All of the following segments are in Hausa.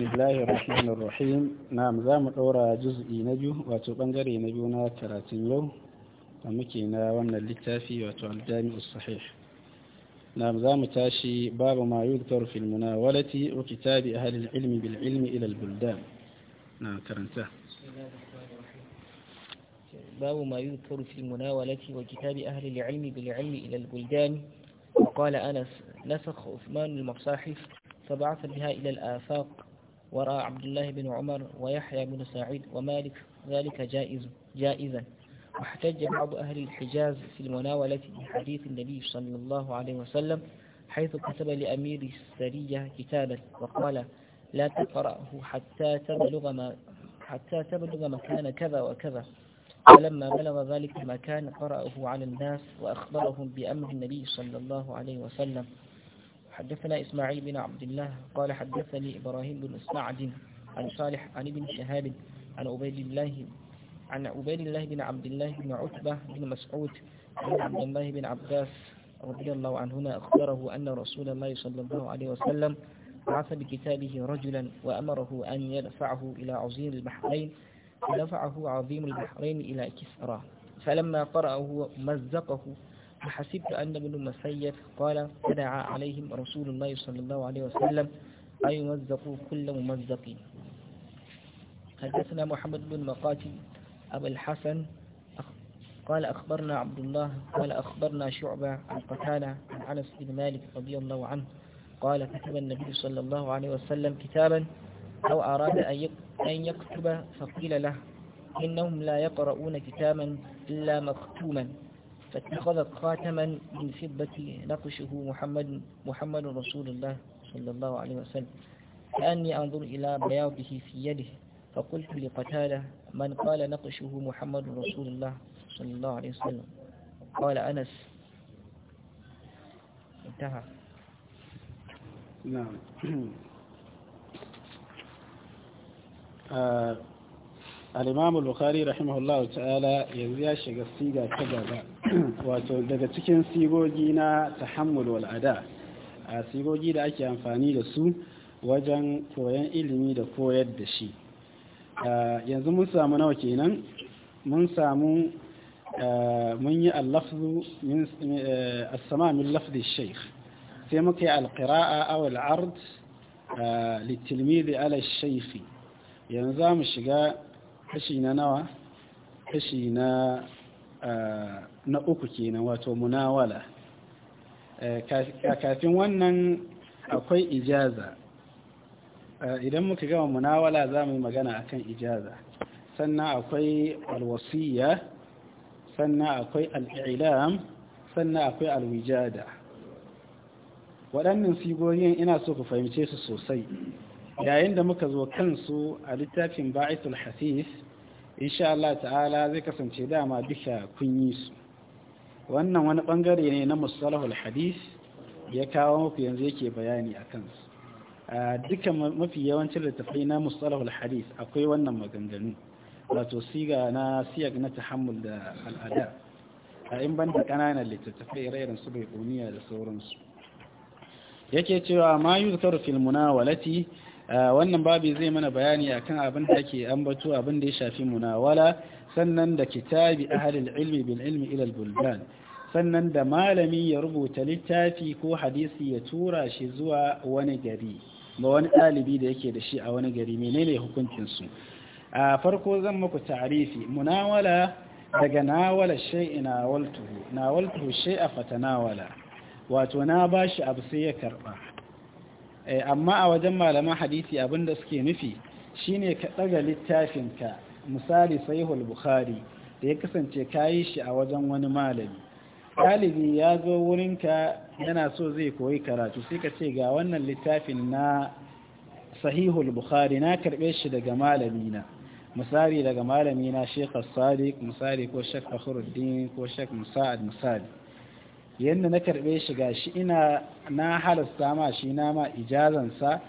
بسم الله الرحمن الرحيم نعم ذا مطورة جزء نجو واتبنجري نجونا كراتين يوم ومكينا ومن الكتافي واتوالجامع الصحيح نعم ذا متاشي باب ما يذكر في المناولة وكتاب أهل العلم بالعلم إلى البلدان نعم بسم الله الرحمن الرحيم باب ما يذكر في المناولة وكتاب أهل العلم بالعلم إلى البلدان وقال أنس نسخ عثمان المصاحف فبعث بها إلى الآفاق ورأى عبد الله بن عمر ويحيى بن سعيد ومالك ذلك جائز جائزا واحتج بعض أهل الحجاز في المناولة بحديث النبي صلى الله عليه وسلم حيث كتب لأمير السرية كتابا وقال لا تقرأه حتى تبلغ ما حتى تبلغ مكان كذا وكذا فلما بلغ ذلك المكان قرأه على الناس وأخبرهم بأمر النبي صلى الله عليه وسلم حدثنا إسماعيل بن عبد الله قال حدثني إبراهيم بن سعد عن صالح عن ابن شهاب عن عبيد الله عن عبيد الله بن عبد الله بن عتبة بن مسعود عن عبد الله بن عباس رضي الله عنهما أخبره أن رسول الله صلى الله عليه وسلم بعث بكتابه رجلا وأمره أن يدفعه إلى عظيم البحرين فدفعه عظيم البحرين إلى كسرى فلما قرأه مزقه وحسبت أن ابن مسيد قال فدعا عليهم رسول الله صلى الله عليه وسلم أن يمزقوا كل ممزق حدثنا محمد بن مقاتل أبو الحسن قال أخبرنا عبد الله قال أخبرنا شعبة عن قتالة عن أنس بن مالك رضي الله عنه قال كتب النبي صلى الله عليه وسلم كتابا أو أراد أن يكتب فقيل له إنهم لا يقرؤون كتابا إلا مختوما فاتخذت خاتما من فضة نقشه محمد محمد رسول الله صلى الله عليه وسلم كأني أنظر إلى بياضه في يده فقلت لقتاله من قال نقشه محمد رسول الله صلى الله عليه وسلم قال أنس انتهى نعم آه، الإمام البخاري رحمه الله تعالى يزيا قصيدة كذا wato daga cikin sigogi na tahammul wal ada a sigogi da ake amfani da su wajen koyon ilimi da koyar da shi yanzu mun samu nawa kenan mun samu mun yi al min eh, as min lafzi shaykh sai muka yi al-qira'a aw al litilmidi ala shaykh yanzu za mu shiga kashi na nawa kashi na na uku kenan wato munawala eh, kafin wannan akwai ijaza eh, idan muka gama munawala za mu yi magana akan ijaza sannan akwai alwasiya sannan akwai al'ilam sannan akwai alwijada waɗannan sigoyin ina so ku fahimce su sosai yayin da muka zo kansu a littafin ba'itul hasis insha Allah ta'ala zai kasance dama duka kun yi su wannan wani bangare ne na musalahul hadis ya kawo muku yanzu yake bayani a kansu duka mafi yawancin littattafai na musalahul hadis akwai wannan maganganu wato siga na siyag na tahammul da al'ada a in banda kananan littattafai rairan su bai da sauransu yake cewa ma yuzkaru fil munawalati Eh, wannan babi zai mana bayani akan abin da ake ambato abin da ya shafi munawala sannan da kitabi ahalil, ilmi bililmi, ilmi ila sannan da malami ya rubuta littafi ko hadisi ya tura shi zuwa wani gari ba wani ɗalibi da yake da shi a wani gari menene hukuncinsu a farko zan muku ta'arifi munawala daga nawala shay'i nawaltuhu nawaltuhu fata fatanawala wato na bashi abu sai ya karba Eh, amma a wajen malaman hadisi abinda suke nufi shine ka ɗaga littafinka misali sahihul bukhari da ya kasance ka yi shi a wajen wani malami ɗalibi ya zo wurinka yana so zai koyi karatu sai ka ce ga wannan littafin na sahihul bukhari na karɓe shi daga malami na misali daga malami na shekhar sadiq misali ko shekhar fakhruddin ko shek musa'ad misali yadda na karɓe shi ga shi ina na halasta ma shi na ma ijazansa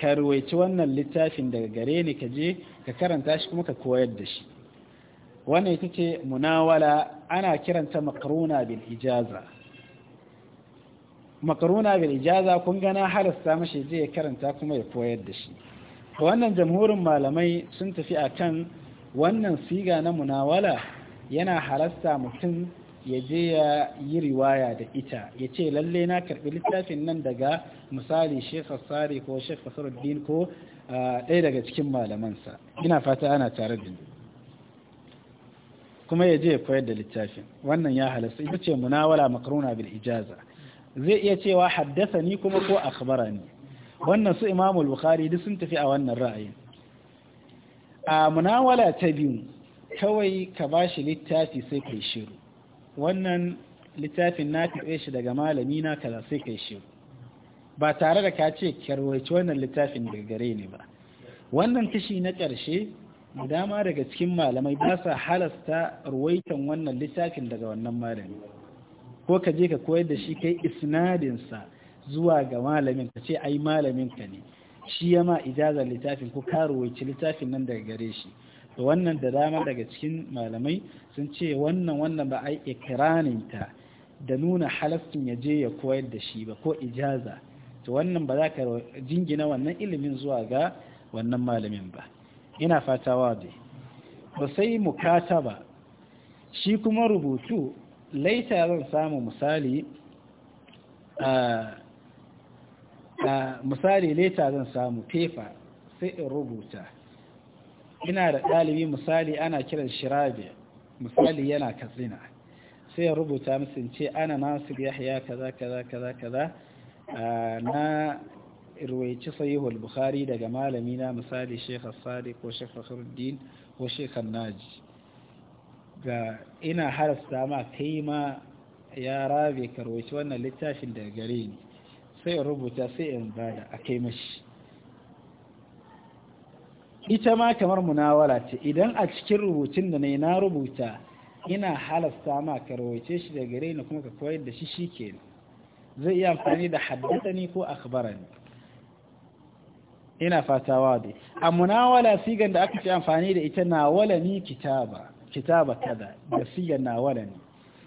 ka ruwaici wannan littafin daga gare ni ka je ka karanta shi kuma ka koyar da shi wannan ita ce munawala ana kiranta makaruna bil ijaza makaruna bil ijaza kun gana halasta mashi je ya karanta kuma ya koyar da shi wannan jamhurin malamai sun tafi a kan wannan siga na munawala yana halasta mutum ya je ya yi riwaya da ita ya ce lalle na karɓi littafin nan daga misali shekha tsari ko shekha fasaruddin ko ɗaya daga cikin malamansa ina fata ana tare da ni kuma ya je ya koyar da littafin wannan ya halasta ita ce munawala makaruna bil ijaza zai iya cewa haddasa ni kuma ko akhbara ni wannan su imamul bukhari duk sun tafi a wannan ra'ayin a munawala ta biyu kawai ka bashi littafi sai kai shiru wannan littafin na karɓe shi daga malami na kaza sai kai shi ba tare da ka ce kyarwaci wannan littafin daga gare ne ba wannan kishi na ƙarshe dama daga cikin malamai ba sa halasta ruwaitan wannan littafin daga wannan malami ko ka je ka koyar da shi kai isnadinsa zuwa ga malamin ka ce ai malamin ka ne shi ya ma ijazar littafin ko ka ruwaici littafin nan daga gare shi to wannan da dama daga cikin malamai sun ce wannan wannan ba a yi ikiraninta da nuna halastin ya je ya koyar da shi ba ko ijaza to wannan ba za ka jingina wannan ilimin zuwa ga wannan malamin ba ina fata waje ba sai mu ba shi kuma rubutu laita zan samu misali misali laita zan samu pefa sai in rubuta ina da ɗalibi misali ana kiran shirabe misali yana katsina sai ya rubuta musu ce ana nasir yahya kaza kaza kaza kaza na irwaici sahihul bukhari daga malami na misali sheikh sadi ko sheikh fakhruddin ko sheikh naji ga ina harasta ma kai ma ya rabe karwaci wannan littafin daga gare ni sai ya rubuta sai in bada a kai mashi ita ma kamar munawala ce idan a cikin rubutun da na yi na rubuta ina halasta ma ka rawaice shi da gare ni kuma ka koyar da shi shi ke zai iya amfani da haddatani ko akhbarani ina fata dai a munawala sigan da aka ce amfani da ita na wala ni kitaba kitaba kada, da sigan wala ni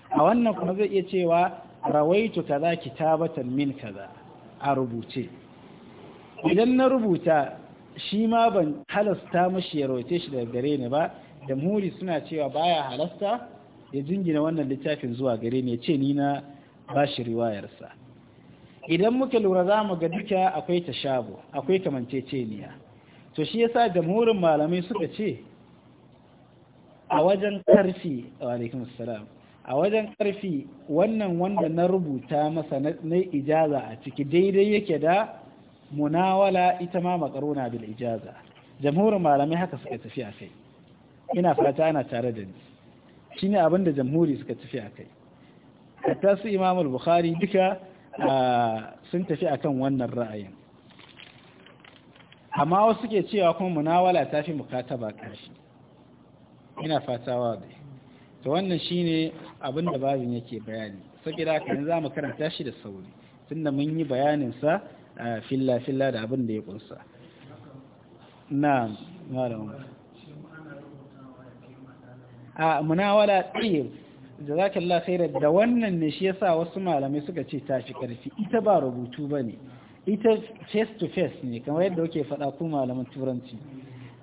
a wannan kuma zai iya cewa rawaitu kaza kitabatan min kaza a rubuce idan na rubuta shi ma ban halasta mashi ya rawace shi daga gare ni ba da muri suna cewa baya halasta ya jingina wannan littafin zuwa gare ni ya ce ni na bashi riwayarsa idan muka lura za mu ga duka akwai ta shabo, akwai kamanceceniya to shi yasa jamhurin malamai suka ce a wajen karfi alaikum salam a wajen karfi wannan wanda na rubuta masa na ijaza a ciki daidai yake da munawala ita ma makaruna bil ijaza jamhurin malamai haka suka tafi a kai ina fata ana tare da ni shine abin da jamhuri suka tafi a kai hatta su imamul bukhari duka sun tafi akan wannan ra'ayin amma wasu suke cewa kuma munawala ta fi mukataba ƙarshe ina fatawa da to wannan shine abin da babin yake bayani saboda kan yanzu za mu karanta shi da sauri tunda mun yi bayanin sa filla filla da abin da ya kunsa na'am malam a munawala tayyib jazakallah khairan da wannan ne shi yasa wasu malamai suka ce ta fi karfi ita ba rubutu ba ne. ita face to face ne kamar yadda kuke faɗa ku malamin turanci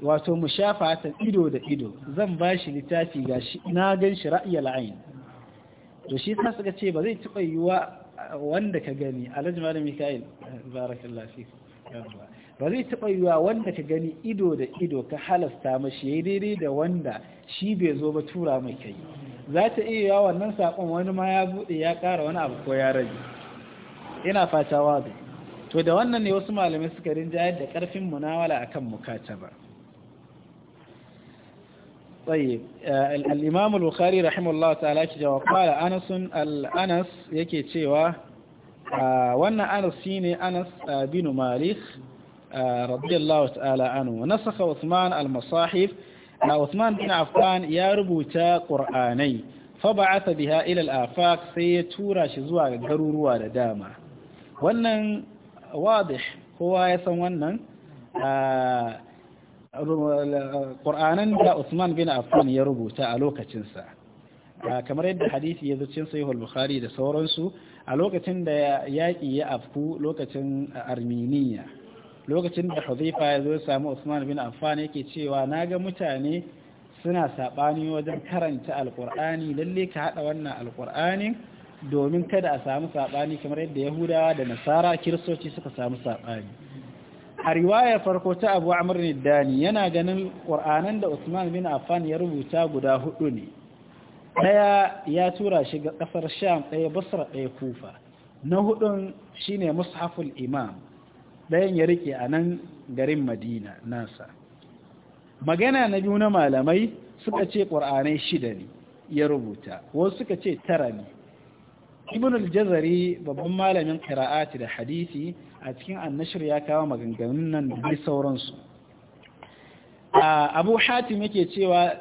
wato mu shafa ta ido da ido zan ba shi littafi gashi na gan shi ra'ayi la'ayin to shi sa suka ce ba zai taɓa yiwuwa wanda ka gani alhaji malam mika'il barakallahu ba zai taɓa yiwa wanda ka gani ido da ido ka halasta mashi ya daidai da wanda shi bai zo ba tura mai kai za ta iya yawa wannan saƙon wani ma ya buɗe ya ƙara wani abu ko ya rage ina fata wazi to da wannan ne wasu malamai suka rinjayar da ƙarfin munawala akan mukata ba طيب الامام البخاري رحمه الله تعالى ya jawab qala anas al yake cewa wannan anas shine anas bin malik radiyallahu ta'ala anhu nasakha usman al masahif na usman bin afkan ya rubuta qur'anai fa ba'atha biha ila al sai ya tura shi zuwa garuruwa da dama wannan wadih kowa ya san wannan ƙur'anan da Usman bin Affan ya rubuta a lokacinsa ah, kamar yadda hadisi ya zucin sahihul bukhari da sauransu a lokacin da yaƙi ya afku lokacin arminiya lokacin da huzaifa ya zo samu Usman bin Affan yake cewa na ga mutane suna saɓani wajen karanta alƙur'ani lalle ka haɗa wannan Alƙur'ani domin kada a samu saɓani kamar yadda yahudawa da nasara kiristoci suka samu saɓani a riwaya farko ta abu amurin dani yana ganin ƙwar'anan da usman bin Afan ya rubuta guda hudu ne ɗaya ya tura shi ga ƙasar sham ɗaya basra ɗaya kufa na hudun shi shine mushaful imam ɗayan ya rike a nan garin madina nasa magana na biyu na malamai suka ce ƙwar'anai shida ne ya rubuta wasu suka ce tara ne ibn al-jazari babban malamin qira'ati da hadisi a cikin annashir ya kawo maganganun nan da sauransu abu hatim yake cewa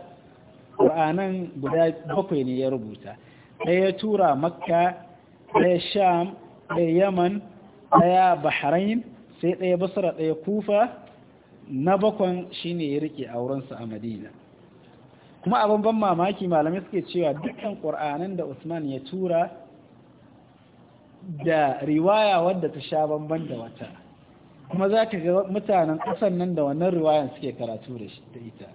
ƙur'anan guda bakwai ne ya rubuta ɗaya tura makka ɗaya sham ɗaya yaman ɗaya bahrain sai ɗaya basra ɗaya kufa na bakwan shine ya rike aurensa a madina kuma abin ban mamaki malamai suke cewa dukkan ƙur'anan da usman ya tura da riwaya wadda ta sha bamban da wata kuma za ka ga mutanen ƙasan nan da wannan riwayan suke karatu da ita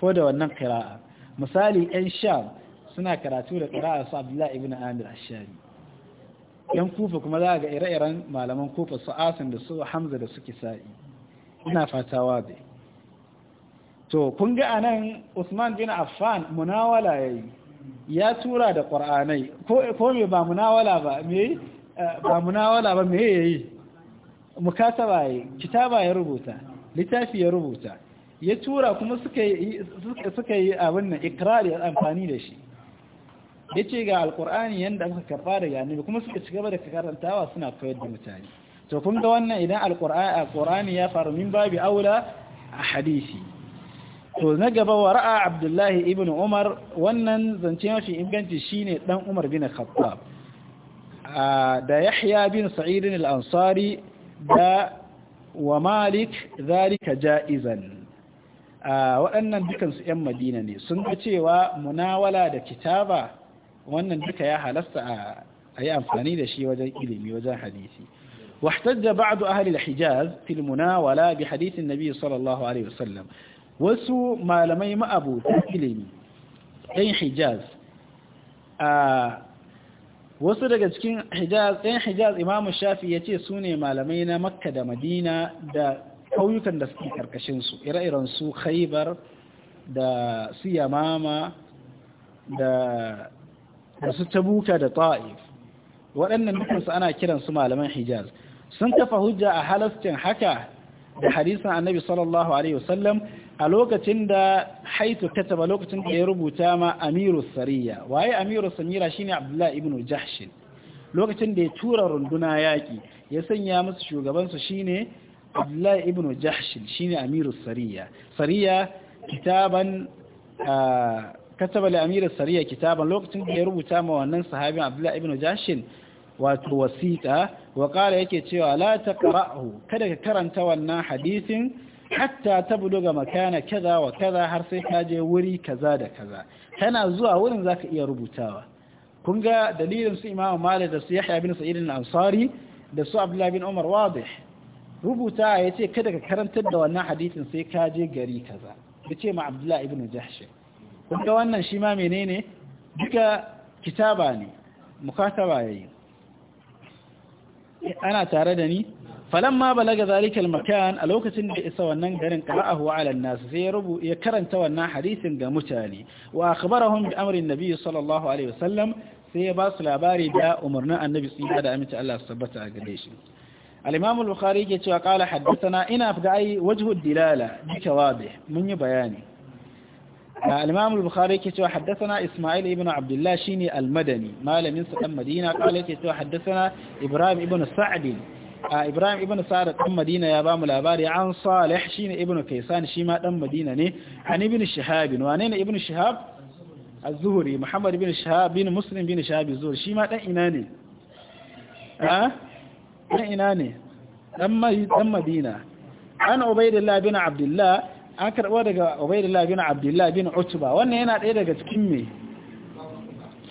ko da wannan kira'a misali 'yan sham suna karatu da kira'a su abdullahi ibn amir ashari yan kufa kuma za ga ire-iren malaman kufa su asin da su hamza da su sa'i ina fatawa bai to kun ga anan usman bin affan munawala yayi ya tura da ƙwar'anai ko me ba munawala ba me eh, ba munawala ba me yayi mukataba yi kitaba ya rubuta littafi ya rubuta ya tura kuma suka yi abin nan ikirari amfani da shi ya ce ga alkurani yadda aka karɓa daga annabi kuma suka ci gaba da karantawa suna koyar da mutane to kun ga wannan idan alqur'ani ya faru min babi aula a hadisi to na gaba wara'a abdullahi ibn umar wannan zance mafi inganci shine dan umar bin khattab da yahya bin sa'id al-ansari da wa malik zalika ja'izan waɗannan dukansu 'yan madina ne sun ga cewa munawala da kitaba wannan duka ya halasta a yi amfani da shi wajen ilimi wajen hadisi واحتج بعض أهل الحجاز في المناولة بحديث النبي nabi الله عليه وسلم wasu malamai ma'abota ilimi ɗan hijaz a wasu daga cikin hijaz ɗan hijaz imamu shafi ya ce su ne malamai na makka da madina da ƙauyukan da suke ƙarƙashinsu ire-iren su khaibar da su yamama da su tabuka da ta'if waɗannan dukansu ana kiransu malaman hijaz sun kafa hujja a halastin haka da hadisan annabi sallallahu alaihi wasallam a lokacin da haitu kataba lokacin da ya rubuta ma amiru sariya waye amiru samira shine abdullahi ibn jahsh lokacin da ya tura runduna yaki ya sanya musu shugaban su shine abdullahi ibn jahsh shine amiru sariya sariya kitaban kataba li amiru sariya kitaban lokacin da ya rubuta ma wannan sahabin abdullahi ibn jahsh wato wasiqa wa qala yake cewa la taqra'hu kada ka karanta wannan hadisin hatta ta budo ga makana kaza wa kaza har sai ka je wuri kaza da kaza kana zuwa wurin zaka iya rubutawa kun ga dalilin su Imam Malik da su Yahya bin Sa'id al-Ansari da su Abdullahi bin Umar wadih rubuta yace kada ka karantar da wannan hadisin sai ka je gari kaza yace ma Abdullahi ibn Jahsh kun ga wannan shi ma menene duka kitaba ne mukataba yayi ana tare da ni falamma balaga zalikal makan a lokacin da isa wannan garin qara'ahu ala an-nas sai ya rubu ya karanta wannan hadisin ga mutane wa akhbarahum bi amri an-nabi sallallahu alaihi wasallam sai ya ba su labari da umarnin annabi tsira da aminci Allah su tabbata a gare shi al-imam al-bukhari yake cewa qala haddathana ina fada ai wajhu dilala bika wadih mun yi bayani الإمام البخاري كتو حدثنا إسماعيل ابن عبد الله شيني المدني ما لم ينسى المدينة قال كتو حدثنا إبراهيم ابن سعد Ibrahim ibn Sa'ad dan Madina ya bamu labari an Salih shine ibn Kaysan shi ma dan Madina ne an ibn Shihab wane ne ibn Shihab Az-Zuhri Muhammad ibn Shihab bin Muslim bin Shihab Az-Zuhri shi ma dan ina ne a dan ina ne dan Madina an Ubaydullah bin Abdullah an karbo daga Ubaydullah bin Abdullah bin Utba wannan yana daya daga cikin me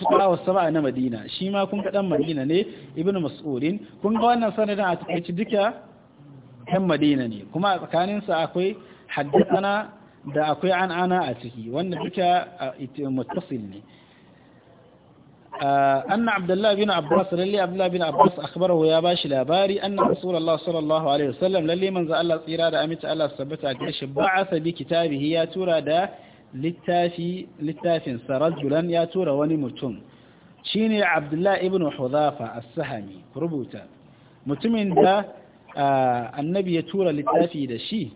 fuqara was sab'a na Madina shi ma kun ga Madina ne Ibn Mas'udin kun ga wannan sanadin a takaici duka dan Madina ne kuma a tsakanin sa akwai haddathana da akwai an ana a ciki wanda duka uh, muttasil ne أن عبد الله بن عباس للي عبد الله بن عباس أخبره يا باش لاباري أن رسول الله صلى الله عليه وسلم للي من زال الله إرادة أمت الله سبت بعث بكتابه يا ترى littafi littafin sarajulan ya tura wani mutum shine abdullahi ibn hudhafa a sahami rubuta mutumin da annabi ya tura littafi da shi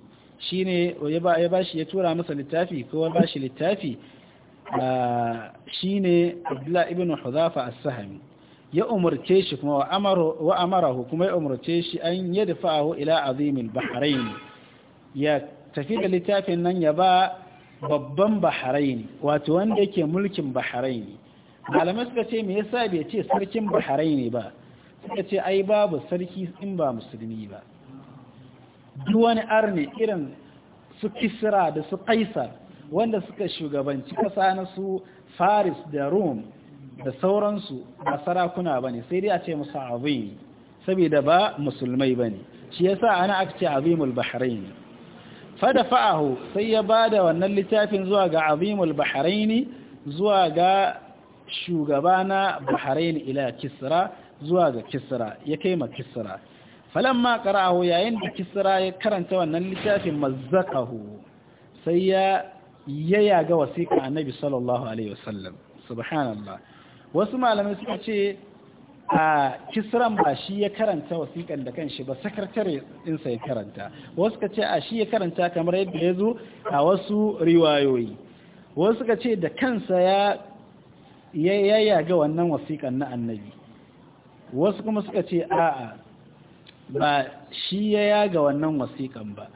shine ya ba shi ya tura masa littafi ko ya ba shi littafi shine abdullahi ibn hudhafa a sahami ya umarce shi kuma wa amarahu kuma ya umarce shi an yadfa'ahu ila azimin bahrain ya tafi da littafin nan ya ba babban bahrain wato wanda yake mulkin bahrain malamai suka ce me yasa bai ce sarkin bahrain ba suka ce ai babu sarki in ba musulmi ba duk wani arni irin su kisra da su kaisar wanda suka shugabanci kasa na su faris da rom da sauransu ba sarakuna ba ne sai dai a ce musu abin saboda ba musulmai ba ne shi yasa ana aka ce azimul bahrain fadafa'ahu sai ya ba da wannan littafin zuwa ga azimul bahraini zuwa ga shugaba na ila kisra zuwa ga kisra ya kai ma kisra falamma qara'ahu yayin da kisra ya karanta wannan littafin mazzakahu sai ya yaya ga wasiƙa annabi sallallahu alaihi wasallam subhanallah wasu malamai suka ce a kisran ba shi ya karanta wasiƙan da kanshi ba sakatare ɗinsa ya karanta wasu ka ce a shi ya karanta kamar yadda ya zo a wasu riwayoyi wasu ka ce da kansa ya yaga wannan wasiƙan na annabi wasu kuma suka ce a'a ba shi ya yaga wannan wasiƙan ba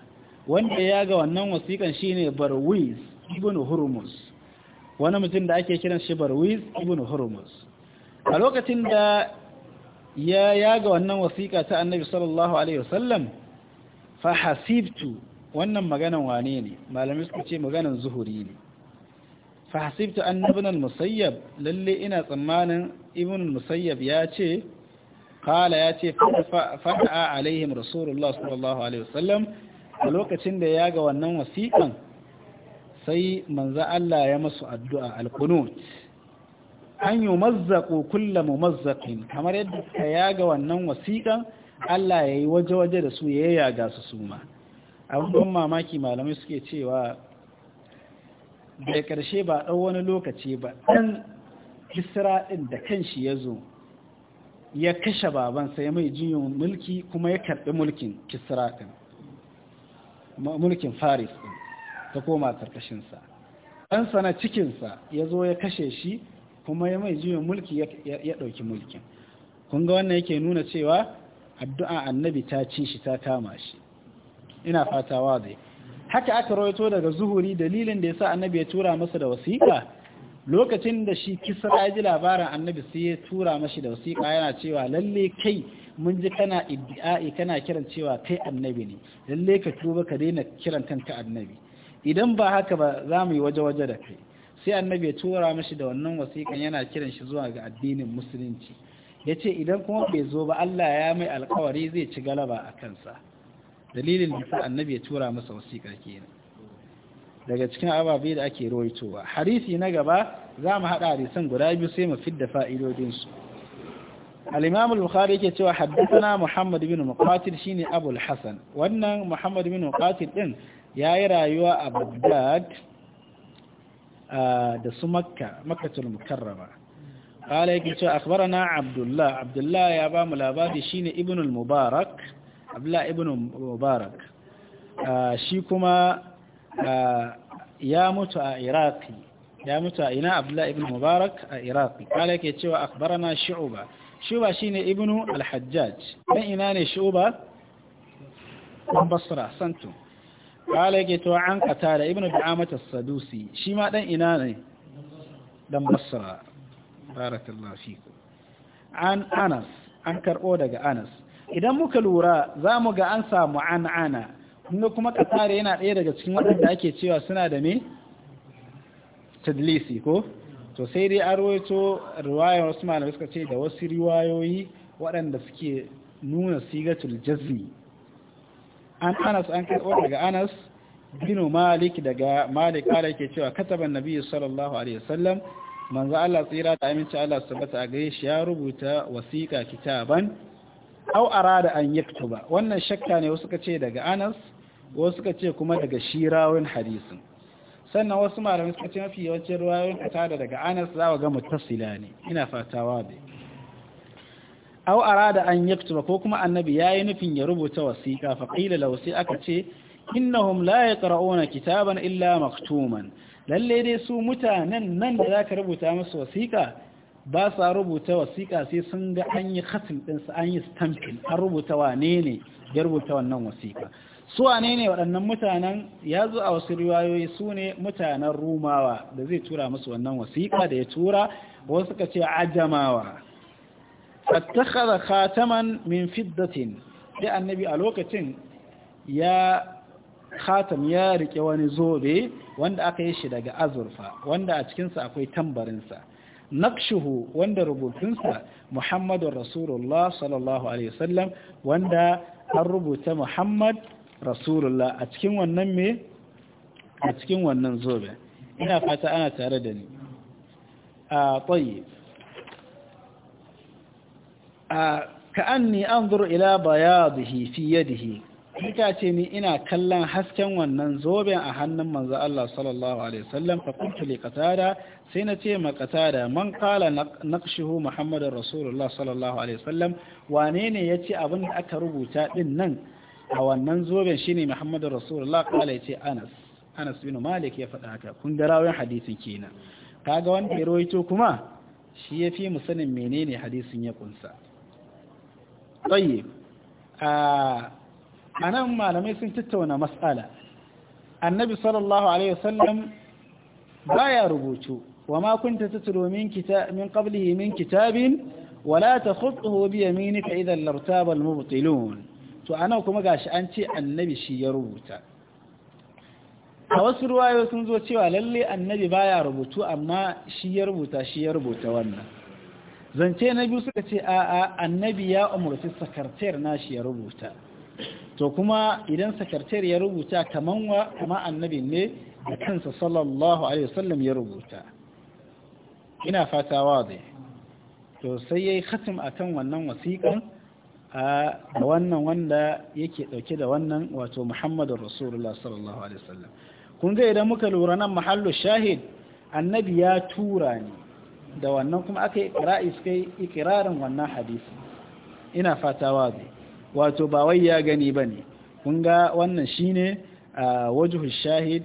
wanda ya yaga wannan wasiƙan shine barwiz ibn hurmus wani mutum da ake kiran shi barwiz ibn hurmus a lokacin da ya yaga wannan wasiƙa ta annabi sallallahu alaihi wasallam fa hasibtu wannan maganan wane ne malamai suka ce maganan zuhuri ne fa hasibtu annabun al-musayyab lalle ina tsammanin ibn musayyab ya ce qala ya ce fa'a alaihim rasulullah sallallahu alaihi wasallam a lokacin da ya ga wannan wasiƙan sai manzo Allah ya masu addu'a al-qunut an yi mazzaƙo kulla mazzaƙin kamar yadda suka yaga wannan wasiƙan Allah ya yi waje-waje da su ya yaga su suma abin mamaki malamai suke cewa da ƙarshe ba ɗan wani lokaci ba ɗan isra'in da kan shi ya zo ya kashe babansa ya mai jiyon mulki kuma ya karɓi mulkin kisra'in mulkin faris ta koma ƙarƙashinsa ɗansa na cikinsa ya zo ya kashe shi kuma ya mai juyin mulki ya ɗauki mulkin kun ga wannan yake nuna cewa addu'a annabi ta ci shi ta kama shi ina fata wazai haka aka rawaito daga zuhuri dalilin da ya sa annabi ya tura masa da wasiƙa lokacin da shi kisra ya ji labarin annabi sai ya tura mashi da wasiƙa yana cewa lalle kai mun ji kana iddi'a'i kana kiran cewa kai annabi ne lalle ka tuba ka daina kiran kanka annabi idan ba haka ba za mu yi waje-waje da kai sai annabi ya tura mashi da wannan wasiƙan yana kiran shi zuwa ga addinin musulunci ya ce idan kuma bai zo ba Allah ya mai alkawari zai ci galaba a kansa dalilin da sai annabi ya tura masa wasiƙa kenan daga cikin ababe da ake rawaitowa hadisi na gaba za mu haɗa hadisan guda biyu sai mu fidda fa'idodinsu الإمام البخاري يقول حدثنا محمد بن مقاتل شيني أبو الحسن وأن محمد بن مقاتل إن يا إيرا rayuwa أبو بغداد da su makka makkatul mukarrama qala yake cewa akhbarana abdullah abdullah ya ba mu labari shine ibn al-mubarak abdullah ibnul mubarak shi kuma ya mutu a iraqi ya mutu a ina abdullah ibnul mubarak a iraqi qala yake cewa akhbarana shu'ba shu'ba shine ibn al-hajjaj dan ina ne shu'ba dan basra santu kala yake to an qatada ibnu du'amat as-sadusi shi ma dan ina ne dan basra barakallahu fiku an anas an karbo daga anas idan muka lura zamu ga an samu an ana kuma kuma yana daya daga cikin wadanda ake cewa suna da me tadlisi ko to sai dai an rawaito riwayar wasu suka ce da wasu riwayoyi waɗanda suke nuna sigatul jazmi an anas an kai karɓo daga anas binu malik daga malik ala ke cewa kataban nabi sallallahu alaihi wasallam manzo Allah tsira da aminci Allah subhanahu a gare shi ya rubuta wasiƙa kitaban au arada an yaktuba wannan shakka ne wasu kace daga anas wasu kace kuma daga shirawin hadisin sannan wasu malamai suka ce mafi yawancin ruwayoyin kata daga anas za ga mutasila ne ina fatawa bai aw arada an yaktuba ko kuma annabi yayi nufin ya rubuta wasiqa fa qila law sai aka ce innahum la yaqra'una kitaban illa maktuman lalle dai su mutanen nan da zaka rubuta musu wasiqa ba sa rubuta wasiqa sai sun ga an yi khatim din su an yi stamping an rubuta wane ne ya rubuta wannan wasiqa su wane ne waɗannan mutanen ya zo a wasu riwayoyi su ne mutanen rumawa da zai tura musu wannan wasiqa da ya tura wasu suka ce ajamawa fattakhadha khataman min fiddatin da annabi a lokacin ya khatam ya rike wani zobe wanda aka yi shi daga azurfa wanda a cikinsa akwai tambarinsa nakshuhu wanda rubutunsa Muhammadu rasulullah sallallahu alaihi wasallam wanda an rubuta muhammad rasulullah a cikin wannan me a cikin wannan zobe ina fata ana tare da ni a tsaye ka'anni anzuru ila bayadihi fi yadihi ita ce ni ina kallon hasken wannan zoben a hannun manzo Allah sallallahu alaihi wasallam fa qultu li qatada sai na ce ma qatada man qala naqshuhu muhammadar rasulullah sallallahu alaihi wasallam wane ne yace abin da aka rubuta din nan a wannan zoben shine muhammadar rasulullah qala yace Anas Anas bin Malik ya faɗa haka kun ga rawin hadisin kenan kaga wanda ya rawaito kuma shi yafi mu sanin menene hadisin ya kunsa tsaye a nan malamai sun tattauna matsala annabi sallallahu alaihi wasallam baya rubutu wa ma kunta tatlu min kitab min kitabin wala takhutuhu bi yaminika idan lartaba almubtilun to anan kuma gashi an ce annabi shi ya rubuta a wasu ruwayo sun zo cewa lalle annabi baya rubutu amma shi ya rubuta shi ya rubuta wannan zance na biyu suka ce a'a annabi ya umarci sakartar nashi ya rubuta to kuma idan sakartar ya rubuta kaman wa kuma annabi ne da kansa sallallahu alaihi wasallam ya rubuta ina fata wazi to sai yayi khatim akan wannan wasiƙan a wannan wanda yake dauke da wannan wato Muhammadur Rasulullah sallallahu alaihi wasallam kun ga idan muka lura nan mahallu shahid annabi ya tura ni da wannan kuma aka yi ra'ayi suka yi ikirarin wannan hadisi ina fata wazi wato ba wai ya gani ba ne kun ga wannan shi ne wajuhu shahid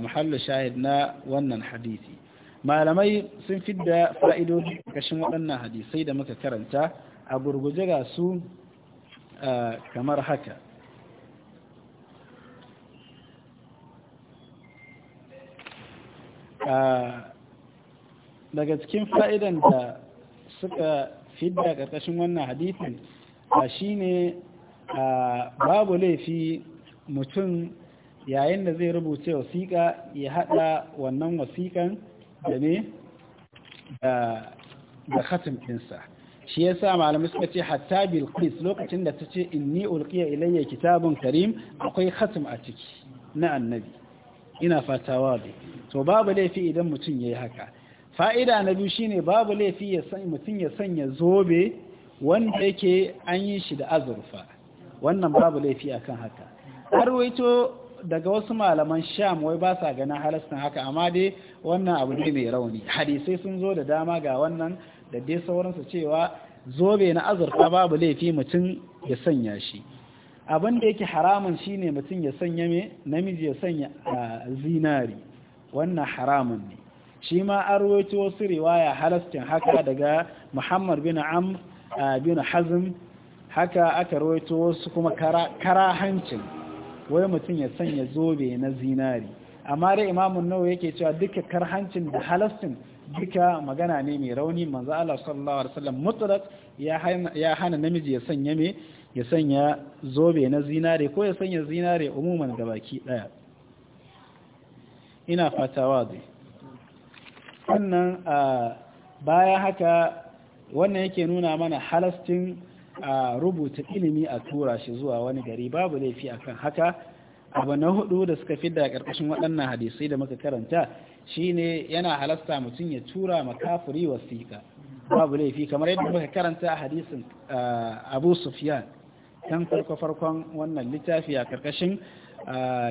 mahallu shahid na wannan hadisi malamai sun fidda fa'idodi kashin waɗannan hadisai da muka karanta a gurguje ga su kamar haka Uh, daga cikin fa'idan da suka fidda ƙarƙashin wannan hadithin a shi ne babu laifi mutum yayin da zai rubuce wasiƙa ya haɗa wannan wasiƙan da ne da khatun ɗinsa shi ya sa malamai suka ce hatta bilkis lokacin da ta ce in inni ulkiya ilayya kitabun karim akwai khatun a ciki na annabi ina fatawa bai to babu laifi idan mutum ya yi haka fa'ida na biyu shine babu laifi ya mutum ya sanya zobe wanda yake an yi shi da azurfa wannan babu laifi akan haka har waito daga wasu malaman sham wai ba sa ganin halastan haka amma dai wannan abu ne mai rauni hadisai sun zo da dama ga wannan da dai sauransu cewa zobe na azurfa babu laifi mutum ya sanya shi abin da yake haramun shine mutum ya sanya me namiji ya sanya ah, zinari wannan haramun ne shi ma an rawaito wasu riwaya halastin haka daga muhammad bin amr bin hazm haka aka rawaito wasu kuma karahancin wai mutum ya sanya zobe na zinari amma dai imamun nawa yake cewa duka karhancin da halastin duka magana ne mai rauni manzo Allah sallallahu alaihi wasallam mutlaq ya hana namiji ya sanya me ya sanya zobe na zinare ko ya sanya zinare umuman gabaki daya ina fatawa dai sannan baya haka wannan yake nuna mana halastin rubuta ilimi a tura shi zuwa wani gari babu laifi akan haka abu na hudu da suka fi da ƙarƙashin waɗannan hadisai da muka karanta shine yana halasta mutum ya tura makafuri wasiƙa babu laifi kamar yadda muka karanta a hadisin abu sufyan kan farko farkon wannan littafi a ƙarƙashin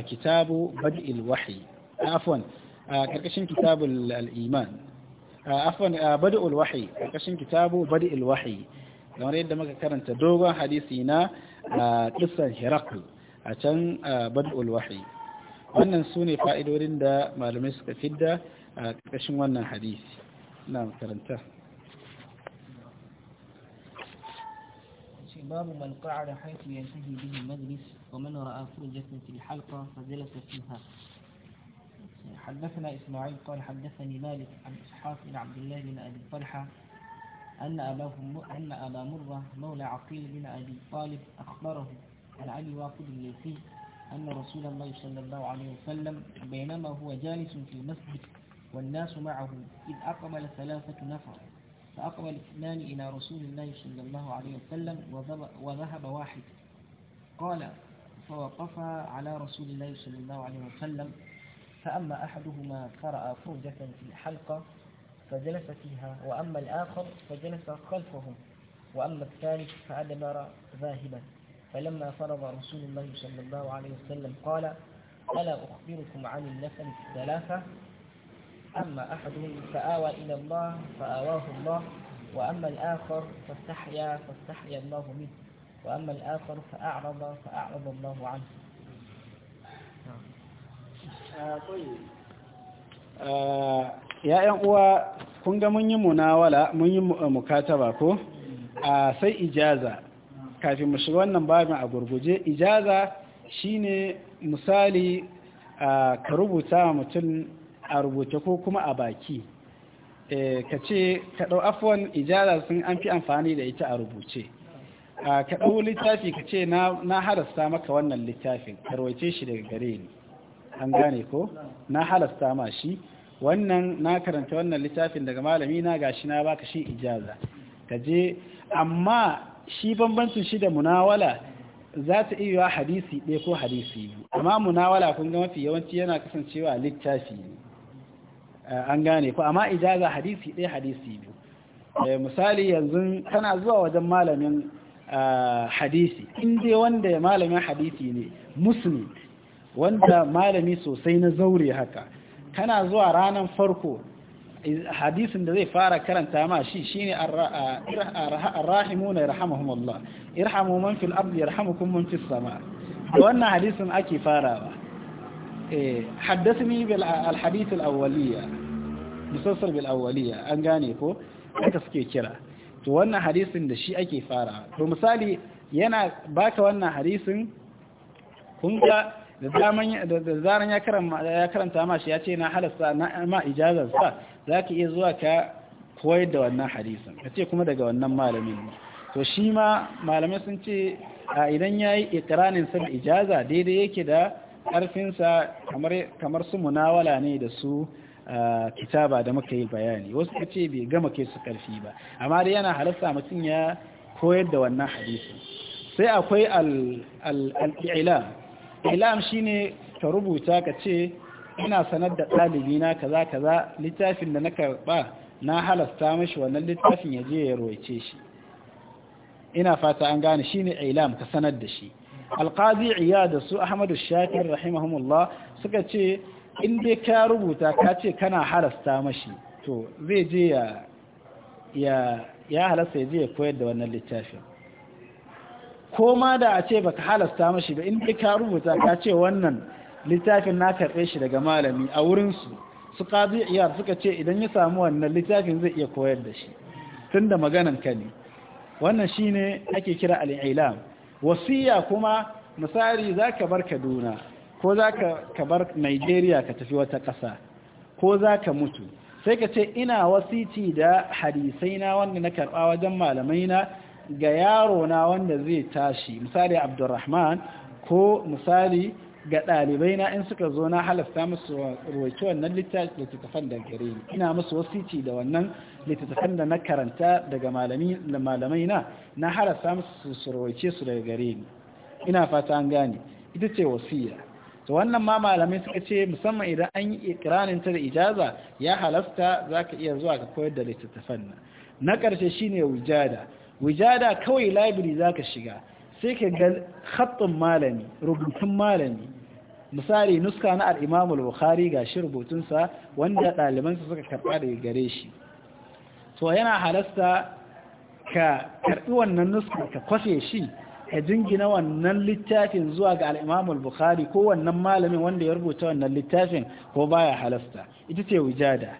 kitabu bad'il wahyi afwan آه، كركشين كتاب الإيمان آه، عفوا آه، بدء الوحي كركشين كتاب بدء الوحي لما نريد ما كرنت دوغا حديثينا قصة هرقل عشان بدء الوحي وانا نسوني فائد ورندا ما لمسك فيدا كركشين وانا حديث نعم كرنته باب من قعد حيث ينتهي به المجلس ومن رأى فرجة في الحلقة فجلس فيها حدثنا إسماعيل قال حدثني مالك عن إسحاق بن عبد الله بن أبي طلحة أن أباه أن أبا مرة مولى عقيل بن أبي طالب أخبره عن علي واقد الليثي أن رسول الله صلى الله عليه وسلم بينما هو جالس في المسجد والناس معه إذ أقبل ثلاثة نفر فأقبل اثنان إلى رسول الله صلى الله عليه وسلم وذهب واحد قال فوقف على رسول الله صلى الله عليه وسلم فأما أحدهما قرأ فرجة في الحلقة فجلس فيها وأما الآخر فجلس خلفهم وأما الثالث فأدبر ذاهبا فلما فرض رسول الله صلى الله عليه وسلم قال ألا أخبركم عن النفل الثلاثة أما أحدهم فآوى إلى الله فآواه الله وأما الآخر فاستحيا فاستحيا الله منه وأما الآخر فأعرض فأعرض الله عنه Yayan uwa kun ga mun yi munawala mun yi eh, mukataba ko sai ijaza kafin mu shiga wannan babin a gurguje ijaza shine misali ka rubuta mutum a rubuce ko kuma a baki eh, ka ce ka ɗau afuwan ijaza sun an fi amfani da ita a rubuce ka ɗau littafi ka ce na harasta maka wannan littafin karwace shi daga gare ni an gane ko na halasta ma shi wannan na karanta wannan littafin daga malami na gashi na baka shi ijaza kaje amma shi bambancin shi da munawala za ta iya yiwa hadisi ɗaya ko hadisi biyu amma munawala kun ga mafi yawanci yana kasancewa littafi ne eh, an gane ko amma ijaza hadisi ɗaya hadisi biyu eh, misali yanzu kana zuwa wajen malamin eh, hadisi inda wanda malamin hadisi ne musulmi wanda malami sosai na zaure haka kana zuwa ranar farko hadisin da zai fara karanta ma shi shine ar-rahimuna yarhamuhumullah irhamu man fil ardi yarhamukum man fis sama wannan hadisin ake farawa eh haddathani bil al-hadith al-awwaliya musassal bil awwaliya an gane ko haka suke kira to wannan hadisin da shi ake farawa to misali yana baka wannan hadisin kun ga da zaran ya karanta ma shi ya ce na halasta ma ijazarsa za ka iya zuwa ka koyar da wannan hadisin ka ce kuma daga wannan malamin to shi ma malamai sun ce idan ya yi ikiranin sun ijaza daidai yake da ƙarfinsa kamar su munawala ne da su kitaba da muka yi bayani wasu ka ce bai gama kai su ƙarfi ba amma dai yana halasta mutum ya koyar da wannan hadisun sai akwai al'ila ilam shine ka rubuta ka ce ina sanar da ɗalibina na kaza kaza littafin da na karɓa na halasta mashi wannan littafin ya je ya roice shi ina fata an gane shine ilam ka sanar da shi alqazi iya da su ahmadu shakir rahimahumullah suka ce in dai ka rubuta ka ce kana halasta mashi to zai je ya ya halasta ya je ya koyar da wannan littafin ko ma da a ce baka halasta mashi ba in dai ka rubuta ka ce wannan littafin na karɓe shi daga malami a wurinsu su ƙazi iyar suka ce idan ya samu wannan littafin zai iya koyar da shi tun da maganan ka ne wannan shi ne ake kira al'ilam wasiya kuma misali za ka bar kaduna ko za ka bar nigeria ka tafi wata ƙasa ko za ka mutu sai ka ce ina wasiti da hadisai na wanda na karɓa wajen malamai na ga yaro na wanda zai tashi misali abdurrahman ko misali ga ɗalibai na in suka zo na halasta musu roki wannan littattafan da gare ni ina musu wasici da wannan littattafan da na karanta daga malamai na na halasta musu su ruwaice su daga gare ni ina fata an gane ita ce wasiya to wannan ma malamai suka ce musamman idan an yi ikirarin ta da ijaza ya halasta zaka iya zuwa ka koyar da littattafan na na ƙarshe shine wujada wujada kawai library zaka shiga sai ka ga khattun malami rubutun malami misali nuska na al-Imam al-Bukhari gashi rubutun sa wanda daliban su suka karba daga gare shi to yana halasta ka karbi wannan nuska ka kwafe shi ka jingina wannan littafin zuwa ga al-Imam al-Bukhari ko wannan malamin wanda ya rubuta wannan littafin ko baya halasta ita ce wujada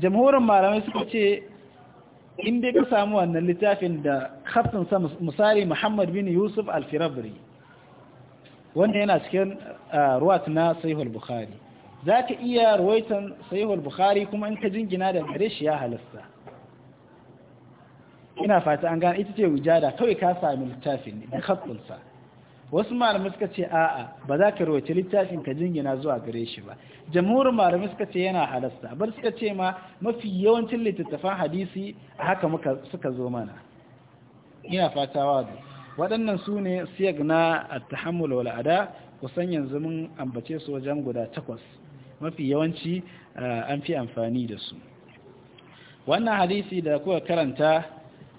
jamhurin malamai suka ce in dai ka samu wannan littafin da hafsinsa misali muhammad bin yusuf alfirabri wanda yana cikin ruwat na sahihul bukhari za ka iya ruwaitan sahihul bukhari kuma in ka jingina da gare shi ya halasta ina fata an gane ita ce wujada kawai ka sami littafin da hafsinsa wasu malamai suka ce a'a ba za ka rawaci littafin ka jingina zuwa gare shi ba jamhurin malamai suka ce yana halasta bar suka ce ma mafi yawancin littattafan hadisi a haka muka suka zo mana ina fata wadu waɗannan su ne siyag na attahammul wal ada kusan yanzu mun ambace su wajen guda takwas mafi yawanci eh, an fi amfani da su wannan hadisi da kuka karanta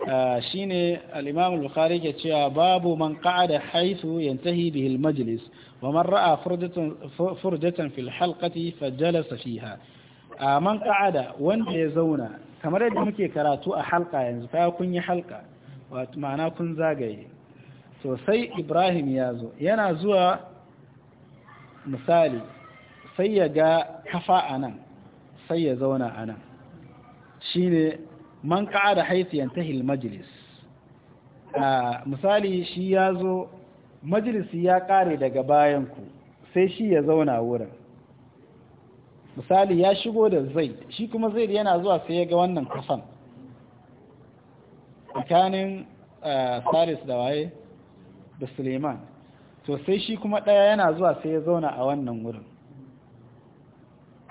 shine al-Imam al-Bukhari ke cewa babu man qa'ada haythu yantahi bihi al-majlis wa man ra'a fil halqati fajalasa fiha man qa'ada wanda ya zauna kamar yadda muke karatu a halka yanzu ka kun yi halka wato ma'ana kun zagaye to sai Ibrahim ya zo yana zuwa misali sai ya ga kafa anan sai ya zauna anan shine man ƙa'ada haisu tahil majalis misali shi ya zo majalisi ya ƙare daga bayanku sai shi ya zauna wurin misali ya shigo da zaid shi kuma zaid yana zuwa sai ya ga wannan kasan tsakanin saris da waye da suleiman to sai shi kuma ɗaya yana zuwa sai ya zauna a wannan wurin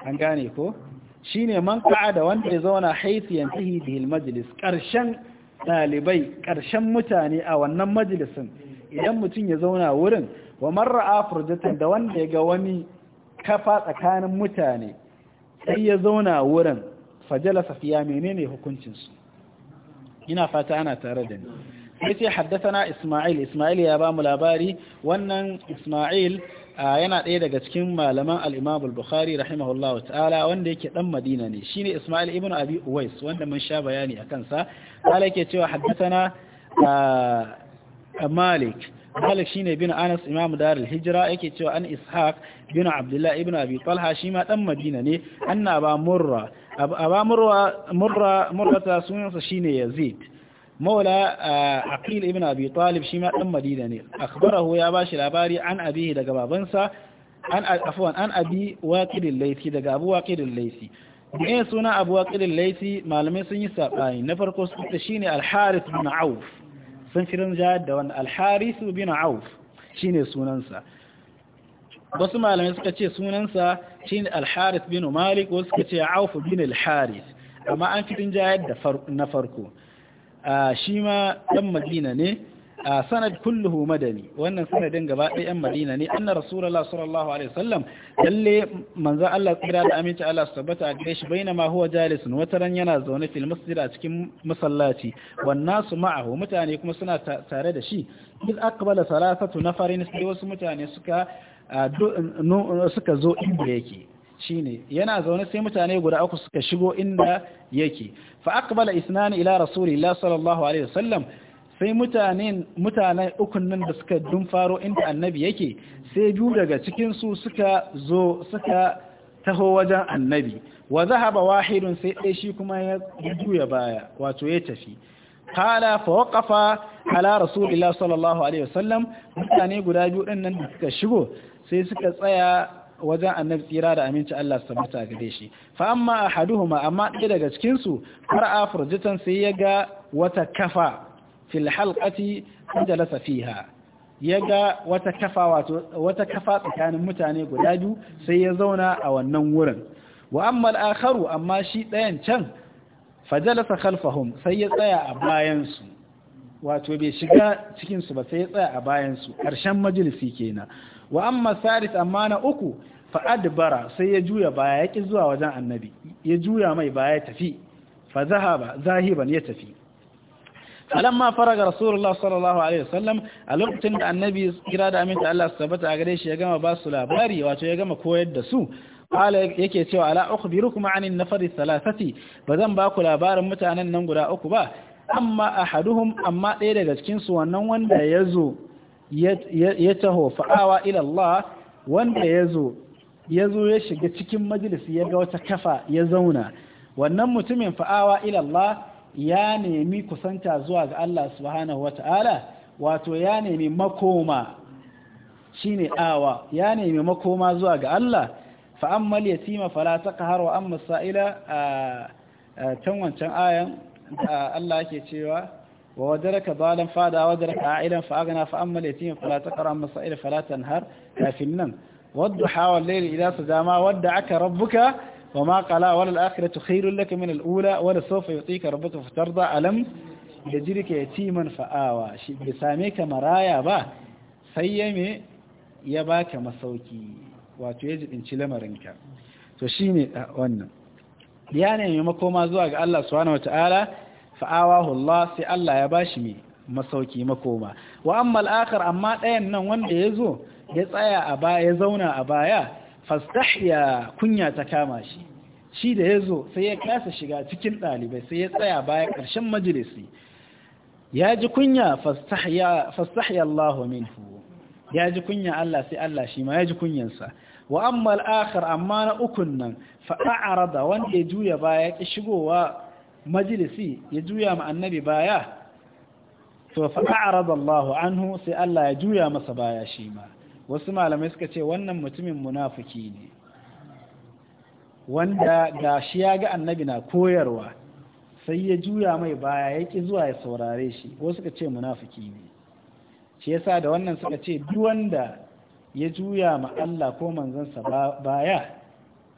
an gane ko shine man da wanda ya zauna haifi yantahi bihil majlis karshen ɗalibai ƙarshen mutane a wannan majalisin idan mutum ya zauna wurin wa marra'a furjatan da wanda ya ga wani kafa tsakanin mutane sai ya zauna wurin fajala safiya menene hukuncin su ina fata ana tare da ni sai ce na isma'il isma'il ya ba mu labari wannan isma'il Ah, yana ɗaya daga cikin malaman al al-Bukhari rahimahullahu ta'ala wanda yake ɗan Madina ne shine Ismail ibn Abi Uwais wanda mun sha bayani a sa ala yake cewa haddathana ah, Malik Malik shine bin Anas Imam Dar al-Hijra yake cewa an Ishaq bin abdullahi ibn Abi Talha shi ma ɗan Madina ne na ba Murra Murra sunansa shine Yazid مولى عقيل ابن أبي طالب شماء مدينة أخبره يا باش الأباري عن أبيه دقبا بنسى عن عفوا عن أبي واقل الليسي دقى أبو واقد الليثي إيه سنة أبو واقل الليسي ما لم سنة سابقاي نفرق سبتشيني الحارث بن عوف سنفرن جاد وان الحارث بن عوف شيني سننسا بس ما لم ce سننسا شيني الحارث بن مالك malik عوف بن الحارث أما bin alharis amma shi ma ɗan madina ne sanad kulluhu madani wannan sanadin gaba ɗaya ɗan madina ne anna rasulullah sallallahu alaihi wasallam lalle manzo Allah tsira da aminci Allah su tabbata a gare shi ma huwa jalisun ran yana zaune fil masjid a cikin masallaci wan nasu ma'ahu mutane kuma suna tare da shi bil aqbala salasatu nafarin sai wasu mutane suka suka zo inda yake shine yana zaune sai mutane guda uku suka shigo inda yake fa aqbala isnani ila rasulillah sallallahu alaihi wasallam sai mutane mutanen ukun nan da suka dumfaro inda annabi yake sai biyu daga cikinsu suka zo suka taho wajen annabi wa zahaba wahidun sai dai shi kuma ya juya baya wato ya tafi qala fa waqafa ala rasulillah sallallahu alaihi wasallam mutane guda biyu din nan da suka shigo sai suka tsaya wajen annabi tsira da aminci Allah su tabbata gare shi fa amma ma amma ɗaya daga cikin su a furjitan sai ya ga wata kafa fil halqati jalasa fiha ya ga wata kafa wato wata kafa tsakanin mutane guda biyu sai ya zauna a wannan wurin wa amma amma shi ɗayan can fajalasa khalfahum sai ya tsaya a bayansu wato bai shiga cikinsu ba sai ya tsaya a bayansu karshen ƙarshen majalisi kenan wa amma salis amma na uku fa adbara sai ya juya baya ya ki zuwa wajen annabi ya juya mai baya ya tafi fa zahaba zahiban ya tafi ma faraga rasulullah sallallahu alaihi wasallam a lokacin da annabi kira da aminta Allah tabbata a gare shi ya gama ba labari wato ya gama koyar da su qala yake cewa ala ukhbirukum an an-nafar ath-thalathati bazan ba ku labarin mutanen nan guda uku ba amma ahaduhum amma ɗaya daga cikin su wannan wanda ya zo ya taho fa'awa ila wanda ya zo ya zo ya shiga cikin majalisi ya ga wata kafa ya zauna wannan mutumin fa'awa ila Allah ya nemi kusanta zuwa ga Allah subhanahu ta'ala wato ya nemi makoma shine awa ya nemi makoma zuwa ga Allah fa'ammal yatima fala taqhar wa amma sa'ila a can wancan ayan Allah yake cewa وودرك ضالا فادا ودرك عائلا فأغنى فأما اليتيم فلا تقرأ أما فلا تنهر في النم والضحى والليل إذا سجى ما ودعك ربك وما قلا ولا وللآخرة خير لك من الأولى سوف يعطيك ربك فترضى ألم يجرك يتيما فآوى بساميك مرايا با سيمي يباك مسوكي وتجد إن لمرنك to shine wannan ya nemi makoma zuwa ga Allah subhanahu fa'awahu Allah sai Allah ya bashi mai masauki makoma wa amma akhar amma ɗayan nan wanda ya zo ya tsaya a baya ya zauna a baya fastahya kunya ta kama shi shi da ya zo sai ya kasa shiga cikin ɗalibai sai ya tsaya baya ƙarshen majalisi ya ji kunya fastahya Allah minhu ya ji kunya Allah sai Allah shi ma ya ji kunyansa wa amma akhar amma na ukun nan fa'arada wanda ya juya baya ya ki shigowa majalisi ya juya ma annabi baya to fa a'rada Allahu anhu sai Allah ya juya masa baya shi ma wasu malamai suka ce wannan mutumin munafiki ne wanda ga shi ya ga annabi na koyarwa sai ya juya mai baya ya ki zuwa ya saurare shi wasu suka ce munafiki ne shi yasa da wannan suka ce duk wanda ya juya ma Allah ko manzansa baya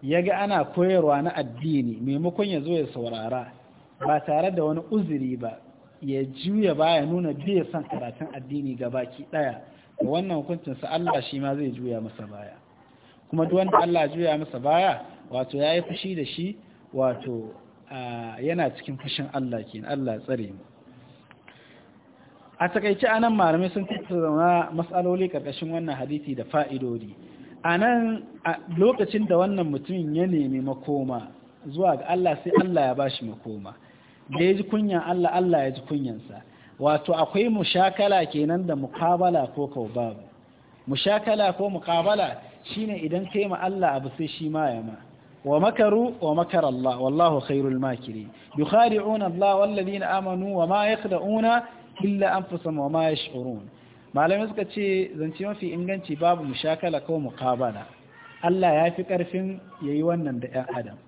ya ga ana koyarwa na addini maimakon ya zo ya saurara ba tare da wani uzuri ba ya juya baya nuna biya son karatun addini ga baki ɗaya, da wannan hukuncinsa Allah shi ma zai juya masa baya kuma duk wanda Allah juya masa baya wato yayi fushi da shi wato yana cikin fushin Allah kenan Allah tsare mu a takeice anan malamai sun tattauna matsaloli karkashin wannan hadisi da fa'idodi anan lokacin da wannan mutumin ya nemi makoma zuwa ga Allah sai Allah ya bashi makoma da ya ji kunya Allah Allah ya ji kunyansa wato akwai mushakala kenan da mukabala ko ko babu mushakala ko mukabala shine idan kai ma Allah abu sai shi ma ya ma wa makaru wa makara Allah wallahu khairul makiri yukhadi'una Allah walladhina amanu wa ma yakhda'una illa anfusahum wa ma yash'urun malamai suka ce zance mafi inganci babu mushakala ko mukabala Allah ya fi karfin yayi wannan da ɗan adam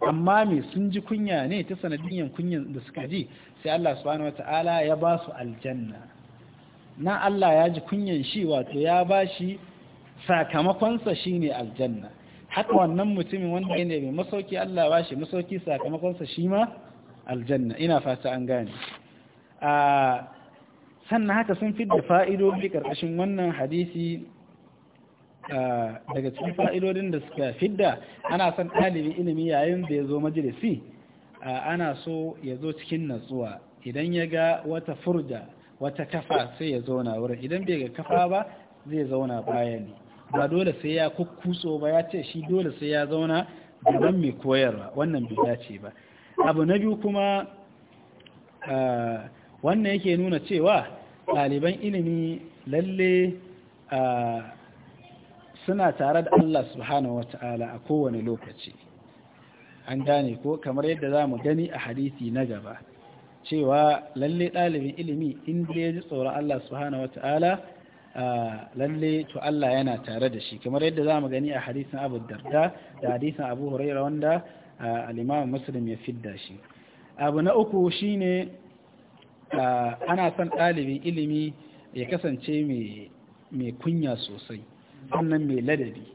amma me sun ji kunya ne ta sanadiyyan kunyan da suka ji sai Allah subhanahu wataala ya ba su aljanna na Allah ya ji kunyan shi wato ya ba shi sakamakonsa shine aljanna haka wannan mutumin wanda ya mai masauki Allah ba shi masauki sakamakonsa shi ma aljanna ina fata an gane a ah, sannan haka sun fi da fa'idodi ƙarƙashin wannan hadisi daga cikin fa'idodin da suka fidda ana son ɗalibi ilimi yayin da ya zo majalisi ana so ya zo cikin natsuwa idan ya ga wata furda wata kafa sai ya zauna wurin idan bai ga kafa ba zai zauna baya ne ba dole sai ya kukkutso ba ya ce shi dole sai ya zauna gaban mai koyarwa wannan bai dace ba abu na biyu kuma wannan yake nuna cewa ɗaliban ilimi lalle suna tare da Allah subhanahu wata'ala a kowane lokaci an gane ko kamar yadda za mu gani a hadisi na gaba cewa lalle ɗalibin ilimi inda ya ji tsoron Allah subhanahu wata'ala lalle to Allah yana tare da shi kamar yadda za mu gani a hadisin Abu Darda da hadisin Abu Huraira wanda alimamin musulun ya fidda shi abu na uku shine ana son ɗalibin ilimi ya kasance mai kunya sosai sannan mai ladabi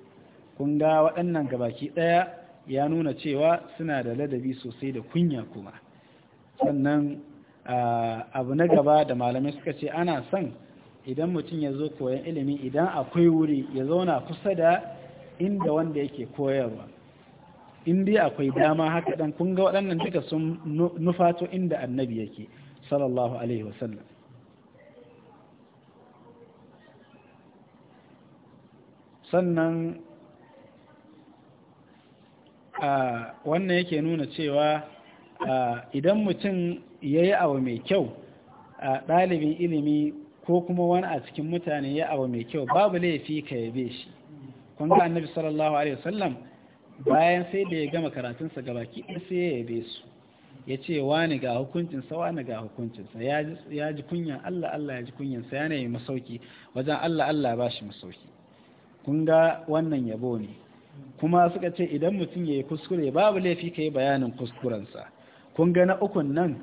kun ga waɗannan gabaki ɗaya ya nuna cewa suna da ladabi sosai da kunya kuma sannan abu na gaba da malamai suka ce ana son idan mutum ya zo koyan ilimi idan akwai wuri ya zauna kusa da inda wanda yake koyarwa dai akwai dama haka ɗan kunga waɗannan duka sun nufato inda annabi yake sallallahu alaihi wasallam sannan wannan yake nuna cewa idan mutum ya yi abu mai kyau a ɗalibin ilimi ko kuma wani a cikin mutane ya abu mai kyau babu laifi ka yabe shi kun ga annabi sallallahu alaihi wasallam bayan sai da ya gama karatunsa gabaki ɗin sai ya yabe su ya ce wani ga hukuncinsa wani ga hukuncinsa ya ji kunyan Allah Allah ya ji kunyansa ya ne masauki wajen Allah Allah ba shi masauki kun ga wannan yabo ne kuma suka ce idan mutum ya yi kuskure babu laifi ka yi bayanin kuskurensa kun ga na ukun nan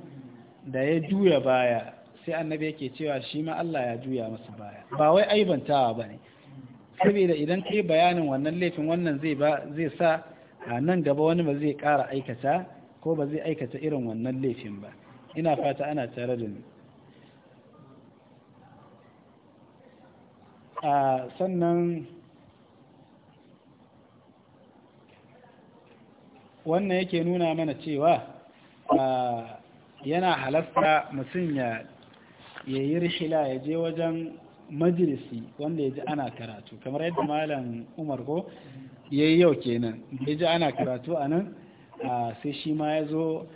da ya juya baya sai annabi yake cewa shi ma Allah ya juya masa baya ba wai aibantawa ba ne saboda idan ka yi bayanin wannan laifin wannan zai ba zai sa a nan gaba wani ba zai ƙara aikata ko ba zai aikata irin wannan laifin ba ina fata ana tare da ni a sannan wannan yake nuna mana cewa yana halasta mutum ya yi rishila ya je wajen majalisi wanda ya ji ana karatu kamar yadda malam umar ko ya yi yau kenan ya ji ana karatu a nan sai shi ma ya zo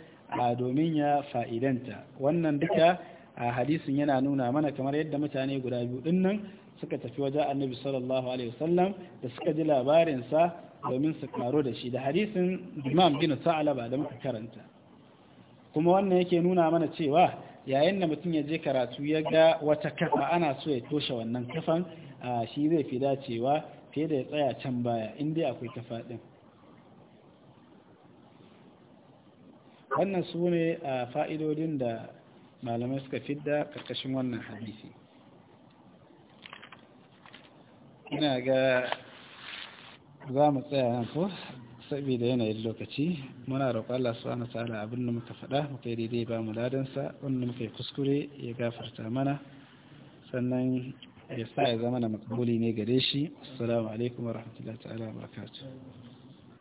domin ya fa'idanta wannan duka a hadisin yana nuna mana kamar yadda mutane guda biyu dinnan suka tafi wajen annabi sallallahu alaihi wasallam da suka ji labarinsa domin su karo da shi da hadisin imam bin sa'alaba da muka karanta kuma wannan yake nuna mana cewa yayin da mutum ya je karatu ya ga wata kafa ana so ya toshe wannan kafan shi zai fi dacewa fiye da ya tsaya can baya in dai akwai kafa din wannan su ne a fa'idodin da malamai suka fidda ƙarƙashin wannan hadisi ina ga za mu tsaya nan ko saboda yanayin lokaci muna roƙon Allah wani tsara abin da muka faɗa muka yi daidai ba mu ladansa wanda muka yi kuskure ya gafarta mana sannan ya sa ya zama na makabuli ne gare shi assalamu alaikum wa rahmatullahi ta'ala wa barakatuh